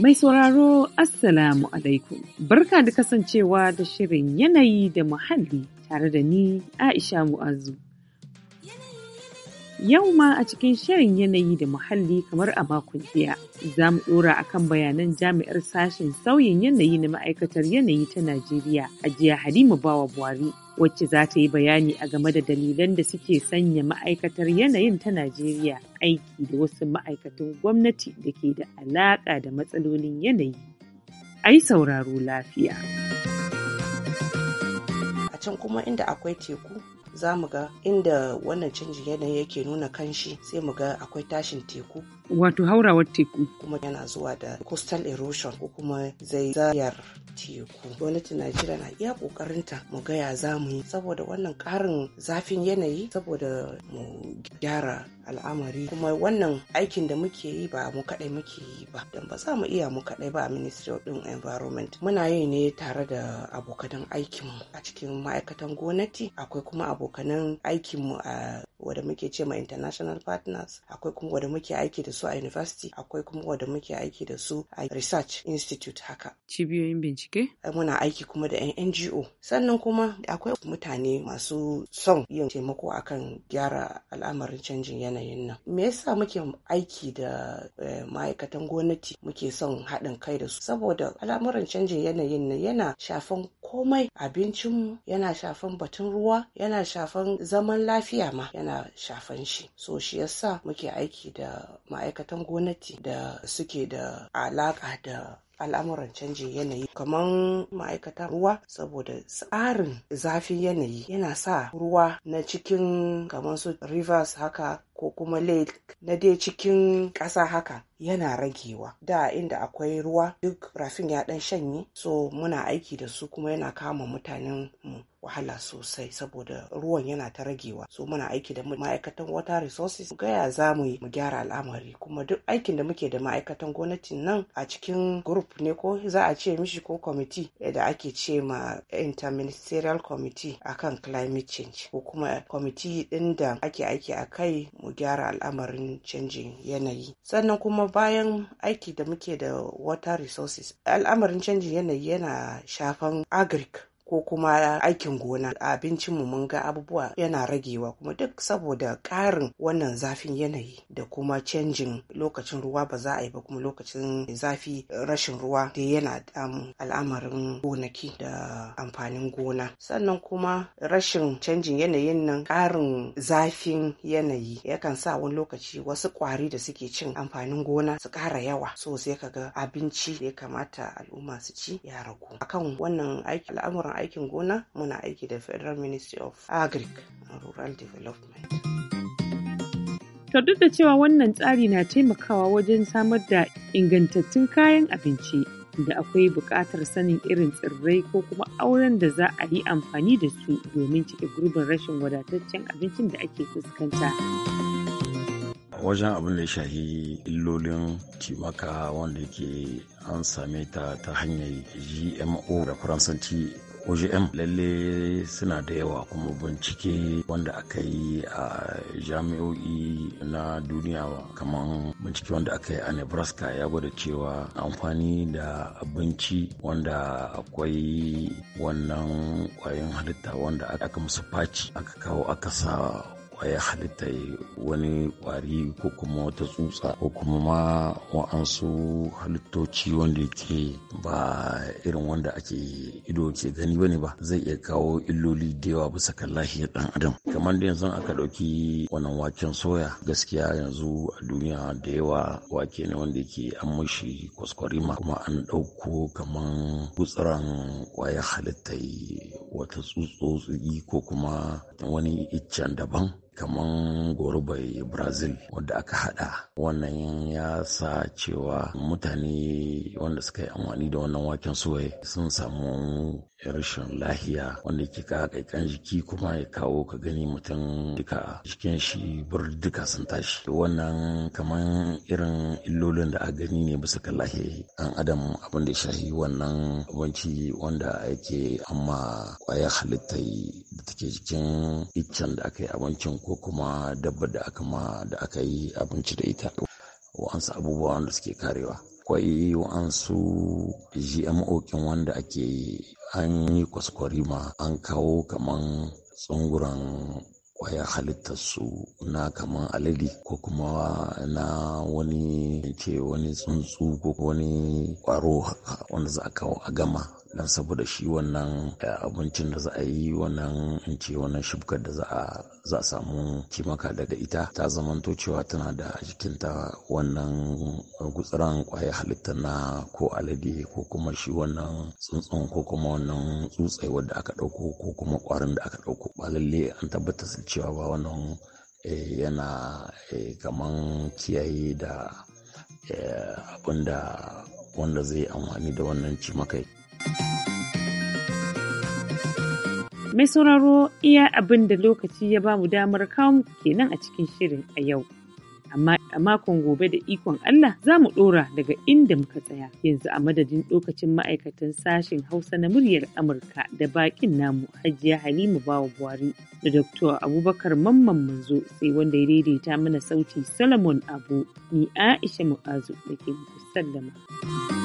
Mai sauraro Assalamu alaikum. Barka da kasancewa da shirin yanayi da muhalli tare da ni Aisha Mu'azu. Yau ma a cikin shirin yanayi da muhalli kamar a makon jiya za mu a kan bayanan jami'ar sashen sauyin yanayi na ma'aikatar yanayi ta Najeriya a jiya Halima Bawa Buhari wacce za ta yi bayani a game da dalilan da suke sanya ma'aikatar yanayin ta Najeriya aiki da wasu ma'aikatan gwamnati da ke da alaƙa da matsalolin yanayi. Ai sauraro lafiya. A can kuma inda akwai teku za mu ga inda wannan canjin yanayi yake nuna kanshi sai mu ga akwai tashin teku wato haurawar teku kuma yana zuwa da coastal erosion ko kuma zaizayar teku gwamnati najeriya na iya kokarinta mu gaya za mu yi saboda wannan karin zafin yanayi saboda mu gyara al'amari kuma wannan aikin da muke yi ba mu kadai muke yi ba don ba za mu iya mu kadai ba a ministry of environment muna yi ne tare da abokanan aikinmu a cikin ma'aikatan gwamnati akwai kuma abokanan aikinmu a wadda muke ce ma international partners akwai kuma wadda muke aiki da su a university akwai kuma wadda muke aiki da su a research institute haka cibiyoyin bincike eh, muna aiki kuma da ngo sannan kuma akwai mutane masu son yin taimako akan gyara al'amarin canjin yanayin nan me yasa muke aiki da eh, ma'aikatan gwamnati muke son haɗin kai da su saboda al'amarin canjin yanayin nan yana shafan komai abincinmu yana shafan batun ruwa yana shafan zaman lafiya ma yana yana shafan shi so shi yasa muke aiki da ma'aikatan gwamnati da suke da alaka da al'amuran canjin yanayi kamar ma'aikatan ruwa saboda tsarin zafin yanayi yana sa ruwa na cikin kamar su rivers haka ko kuma lake na dai cikin ƙasa haka yana ragewa da inda akwai ruwa duk rafin ya ɗan shanye so muna aiki da su kuma yana kama mutanen mu wahala sosai saboda ruwan yana ta ragewa Su muna aiki da ma'aikatan water resources gaya za mu mu gyara al'amari kuma duk aikin da muke da ma'aikatan gwamnati nan a cikin group ne ko za a ce mishi ko committee eh, da ake ce ma interministerial committee akan climate change ko kuma committee din da ake aiki a kai mu gyara al'amarin canjin yanayi sannan kuma bayan aiki da muke da water resources al'amarin canjin yanayi yana shafan agric ko kuma aikin gona abincin mu mun ga abubuwa yana ragewa kuma duk saboda ƙarin wannan zafin yanayi da kuma canjin lokacin ruwa ba za a yi ba kuma lokacin zafi rashin ruwa da yana damu al'amarin gonaki da amfanin gona sannan kuma rashin canjin yanayin nan ƙarin zafin yanayi yakan sa wani lokaci wasu ƙwari da suke cin amfanin gona su ƙara yawa so sai kaga abinci da ya kamata al'umma su ci ya ragu akan wannan aiki al'amuran aikin gona muna aiki da federal ministry of agric and rural development to duk da cewa wannan tsari na taimakawa wajen samar da ingantattun kayan abinci da akwai buƙatar sanin irin tsirrai ko kuma auren da za a yi amfani da su domin cike gurbin rashin wadataccen abincin da ake fuskanta. wajen abin da shahi illolin cimaka wanda ke an same ta ta hanyar gmo da faransanci OGM lalle suna da yawa kuma bincike wanda aka yi a jami'o'i na duniya kamar bincike wanda aka yi a Nebraska ya gwada cewa amfani da abinci wanda akwai wannan kwayoyin halitta wanda aka musu faci aka kawo aka sa kwaya halitta wani kwari ko kuma wata tsutsa ko kuma ma wa'ansu halittoci wanda ke ba irin wanda ake ido ke gani bane ba zai iya kawo illoli da yawa bisa kan lafiyar dan adam kamar da yanzu aka ɗauki wannan waken soya gaskiya yanzu a duniya da yawa wake ne wanda ke an mashi kwaskwarima kuma an dauko kaman gutsuran kwaya halitta wata tsutsotsi ko kuma wani iccen daban kaman gorubai brazil wadda aka hada wannan ya sa cewa mutane wanda suka yi amfani da wannan waken suwaye sun samu rashin lahiya wanda ke ka kan jiki kuma ya kawo ka gani mutum duka jikin shi bur duka sun tashi wannan kaman irin illolin da a gani ne bisa kan lahiyayi an adam abin da shahi wannan abinci wanda yake amma kwayar halittai da take jikin iccen da aka yi abincin ko kuma dabba da aka ma da aka yi abinci da ita wa'ansu abubuwan wanda suke karewa akwai wa'ansu gmo kin wanda ake yi, an yi kwaskwari ma. an kawo kaman tsunguran kwaya halittar su na kaman alade ko kuma na wani ce wani tsuntsu ko wani kwaro wanda za a kawo a gama don saboda shi wannan eh, abincin da za a yi wannan in ce wannan shubkar da za a samu kimaka daga ita ta zamanto cewa tana da jikinta wannan gutsuran kwaya halitta na ko alade ko kuma shi wannan tsuntsun ko kuma wannan tsutsai wadda aka ɗauko ko kuma ƙwarin da aka ɗauko ba lalle an tabbatar cewa ba wannan eh, yana eh, kaman kiyaye da abin wanda zai amfani da wannan cimakai Mai sauraro iya abin da lokaci ya ba mu damar kawo muku kenan a cikin shirin a yau. Amma a makon gobe da ikon Allah za mu ɗora daga inda muka tsaya yanzu a madadin lokacin ma'aikatan sashen Hausa na muryar Amurka da baƙin namu Hajiya Halima Bawa Buhari da Dr. Abubakar Mamman Manzo sai wanda ya daidaita mana sauti Solomon Abu ni Aisha Mu'azu da ke sallama.